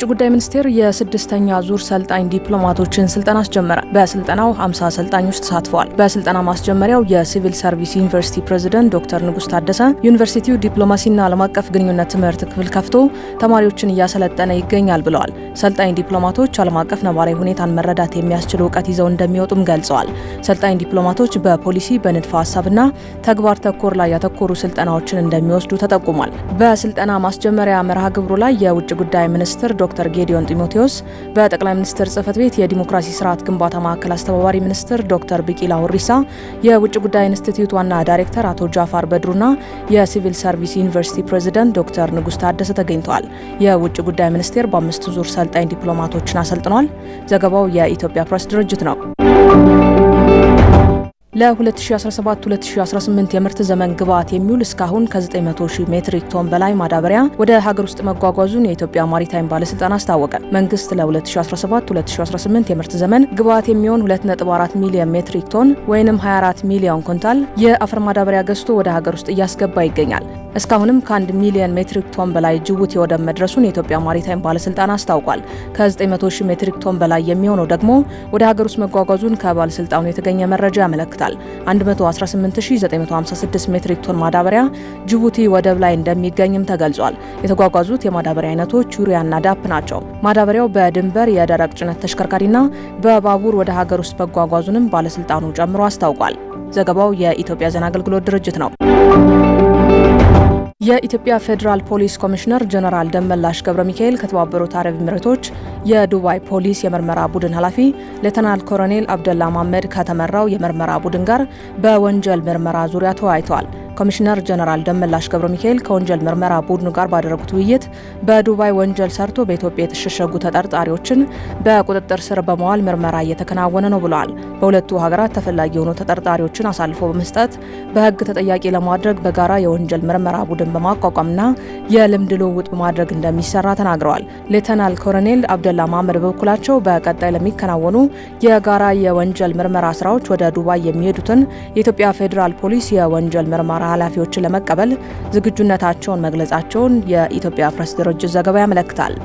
የውጭ ጉዳይ ሚኒስቴር የስድስተኛ ዙር ሰልጣኝ ዲፕሎማቶችን ስልጠና አስጀመረ። በስልጠናው 50 ሰልጣኞች ተሳትፈዋል። በስልጠና ማስጀመሪያው የሲቪል ሰርቪስ ዩኒቨርሲቲ ፕሬዝደንት ዶክተር ንጉስ ታደሰ ዩኒቨርሲቲው ዲፕሎማሲና ዓለም አቀፍ ግንኙነት ትምህርት ክፍል ከፍቶ ተማሪዎችን እያሰለጠነ ይገኛል ብለዋል። ሰልጣኝ ዲፕሎማቶች ዓለም አቀፍ ነባራዊ ሁኔታን መረዳት የሚያስችል እውቀት ይዘው እንደሚወጡም ገልጸዋል። ሰልጣኝ ዲፕሎማቶች በፖሊሲ በንድፈ ሀሳብና ተግባር ተኮር ላይ ያተኮሩ ስልጠናዎችን እንደሚወስዱ ተጠቁሟል። በስልጠና ማስጀመሪያ መርሃ ግብሩ ላይ የውጭ ጉዳይ ሚኒስትር ዶክተር ጌዲዮን ጢሞቴዎስ፣ በጠቅላይ ሚኒስትር ጽህፈት ቤት የዲሞክራሲ ስርዓት ግንባታ ማዕከል አስተባባሪ ሚኒስትር ዶክተር ቢቂላ ሁሪሳ፣ የውጭ ጉዳይ ኢንስቲትዩት ዋና ዳይሬክተር አቶ ጃፋር በድሩና የሲቪል ሰርቪስ ዩኒቨርሲቲ ፕሬዚደንት ዶክተር ንጉስ ታደሰ ተገኝተዋል። የውጭ ጉዳይ ሚኒስቴር በአምስቱ ዙር አሰልጣኝ ዲፕሎማቶችን አሰልጥኗል። ዘገባው የኢትዮጵያ ፕሬስ ድርጅት ነው። ለ2017-2018 የምርት ዘመን ግብዓት የሚውል እስካሁን ከ900 ሺህ ሜትሪክ ቶን በላይ ማዳበሪያ ወደ ሀገር ውስጥ መጓጓዙን የኢትዮጵያ ማሪታይም ባለስልጣን አስታወቀ። መንግስት ለ2017-2018 የምርት ዘመን ግብዓት የሚሆን 2.4 ሚሊዮን ሜትሪክ ቶን ወይም 24 ሚሊዮን ኩንታል የአፈር ማዳበሪያ ገዝቶ ወደ ሀገር ውስጥ እያስገባ ይገኛል። እስካሁንም ከ ከ1 ሚሊዮን ሜትሪክ ቶን በላይ ጅቡቲ ወደብ መድረሱን የኢትዮጵያ ማሪታይም ባለስልጣን አስታውቋል። ከ900 ሺህ ሜትሪክ ቶን በላይ የሚሆነው ደግሞ ወደ ሀገር ውስጥ መጓጓዙን ከባለስልጣኑ የተገኘ መረጃ ያመለክታል። 118956 ሜትሪክ ቶን ማዳበሪያ ጅቡቲ ወደብ ላይ እንደሚገኝም ተገልጿል። የተጓጓዙት የማዳበሪያ አይነቶች ዩሪያና ዳፕ ናቸው። ማዳበሪያው በድንበር የደረቅ ጭነት ተሽከርካሪና በባቡር ወደ ሀገር ውስጥ መጓጓዙንም ባለስልጣኑ ጨምሮ አስታውቋል። ዘገባው የኢትዮጵያ ዜና አገልግሎት ድርጅት ነው። የኢትዮጵያ ፌዴራል ፖሊስ ኮሚሽነር ጀነራል ደመላሽ ገብረ ሚካኤል ከተባበሩት አረብ ኤምሬቶች የዱባይ ፖሊስ የምርመራ ቡድን ኃላፊ ሌተናል ኮሎኔል አብደላ ማመድ ከተመራው የምርመራ ቡድን ጋር በወንጀል ምርመራ ዙሪያ ተወያይተዋል። ኮሚሽነር ጀነራል ደመላሽ ገብረ ሚካኤል ከወንጀል ምርመራ ቡድኑ ጋር ባደረጉት ውይይት በዱባይ ወንጀል ሰርቶ በኢትዮጵያ የተሸሸጉ ተጠርጣሪዎችን በቁጥጥር ስር በመዋል ምርመራ እየተከናወነ ነው ብለዋል። በሁለቱ ሀገራት ተፈላጊ የሆኑ ተጠርጣሪዎችን አሳልፎ በመስጠት በሕግ ተጠያቂ ለማድረግ በጋራ የወንጀል ምርመራ ቡድን በማቋቋምና የልምድ ልውውጥ በማድረግ እንደሚሰራ ተናግረዋል። ሌተናል ኮሎኔል አብደላ ማመድ በበኩላቸው በቀጣይ ለሚከናወኑ የጋራ የወንጀል ምርመራ ስራዎች ወደ ዱባይ የሚሄዱትን የኢትዮጵያ ፌዴራል ፖሊስ የወንጀል ምርመራ ኃላፊዎችን ለመቀበል ዝግጁነታቸውን መግለጻቸውን የኢትዮጵያ ፕሬስ ድርጅት ዘገባ ያመለክታል።